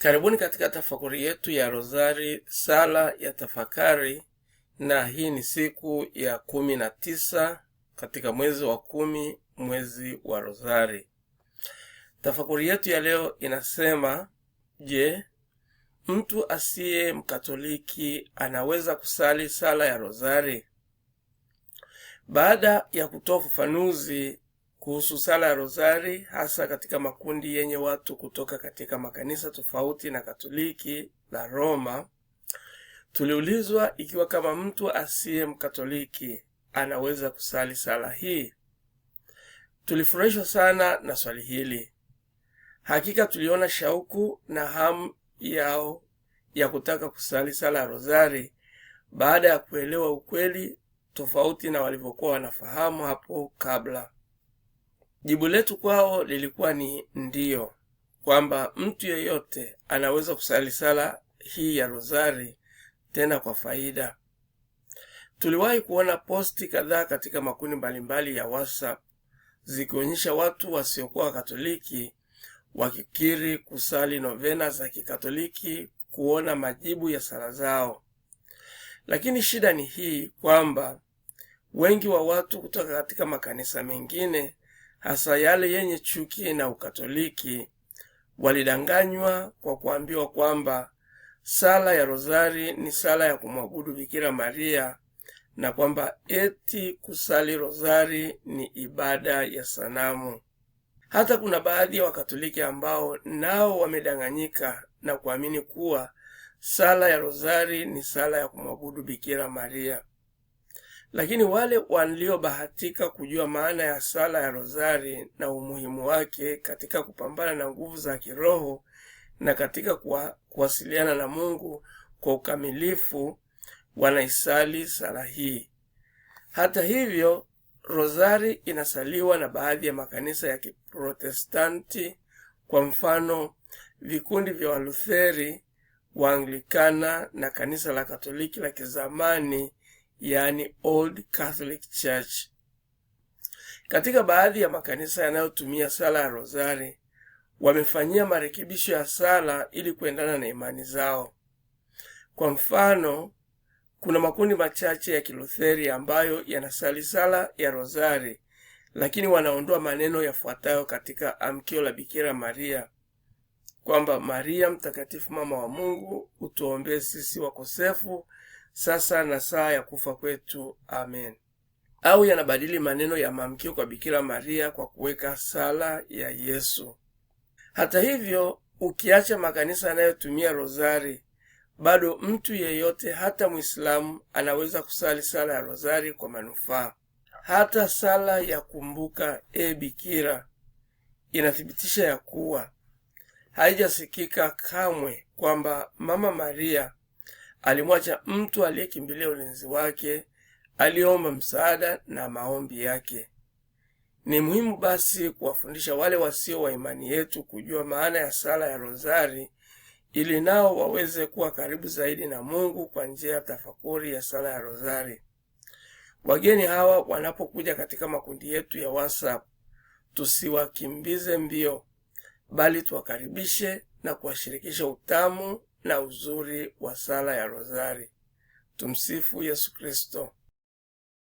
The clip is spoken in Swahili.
Karibuni katika tafakuri yetu ya Rozari, sala ya tafakari, na hii ni siku ya kumi na tisa katika mwezi wa kumi, mwezi wa Rozari. Tafakuri yetu ya leo inasema, je, mtu asiye Mkatoliki anaweza kusali sala ya Rozari? Baada ya kutoa ufafanuzi kuhusu sala ya rozari hasa katika makundi yenye watu kutoka katika makanisa tofauti na Katoliki la Roma. Tuliulizwa ikiwa kama mtu asiye Mkatoliki anaweza kusali sala hii. Tulifurahishwa sana na swali hili. Hakika tuliona shauku na hamu yao ya kutaka kusali sala ya rozari baada ya kuelewa ukweli, tofauti na walivyokuwa wanafahamu hapo kabla. Jibu letu kwao lilikuwa ni ndiyo, kwamba mtu yeyote anaweza kusali sala hii ya rozari tena kwa faida. Tuliwahi kuona posti kadhaa katika makundi mbalimbali ya WhatsApp zikionyesha watu wasiokuwa Wakatoliki wakikiri kusali novena za Kikatoliki kuona majibu ya sala zao. Lakini shida ni hii kwamba wengi wa watu kutoka katika makanisa mengine hasa yale yenye chuki na Ukatoliki. Walidanganywa kwa kuambiwa kwamba sala ya rozari ni sala ya kumwabudu Bikira Maria na kwamba eti kusali rozari ni ibada ya sanamu. Hata kuna baadhi ya Wakatoliki ambao nao wamedanganyika na kuamini kuwa sala ya rozari ni sala ya kumwabudu Bikira Maria. Lakini wale waliobahatika kujua maana ya sala ya rozari na umuhimu wake katika kupambana na nguvu za kiroho na katika kuwasiliana na Mungu kwa ukamilifu wanaisali sala hii. Hata hivyo, rozari inasaliwa na baadhi ya makanisa ya Kiprotestanti, kwa mfano vikundi vya Walutheri, Waanglikana na kanisa la Katoliki la kizamani yaani Old Catholic Church. Katika baadhi ya makanisa yanayotumia sala ya rozari wamefanyia marekebisho ya sala ili kuendana na imani zao. Kwa mfano, kuna makundi machache ya Kilutheri ambayo yanasali sala ya rozari, lakini wanaondoa maneno yafuatayo katika amkio la Bikira Maria kwamba Maria mtakatifu, mama wa Mungu, utuombee sisi wakosefu sasa na saa ya kufa kwetu. Amen. Au yanabadili maneno ya mamkio kwa Bikira Maria kwa kuweka sala ya Yesu. Hata hivyo, ukiacha makanisa yanayotumia rozari, bado mtu yeyote, hata Mwislamu, anaweza kusali sala ya rozari kwa manufaa. Hata sala ya kumbuka e Bikira inathibitisha ya kuwa haijasikika kamwe kwamba Mama Maria alimwacha mtu aliyekimbilia ulinzi wake, aliyeomba msaada na maombi yake. Ni muhimu basi kuwafundisha wale wasio wa imani yetu kujua maana ya sala ya rozari ili nao waweze kuwa karibu zaidi na Mungu kwa njia ya tafakuri ya sala ya rozari. Wageni hawa wanapokuja katika makundi yetu ya WhatsApp, tusiwakimbize mbio, bali tuwakaribishe na kuwashirikisha utamu na uzuri wa sala ya rozari. Tumsifu Yesu Kristo.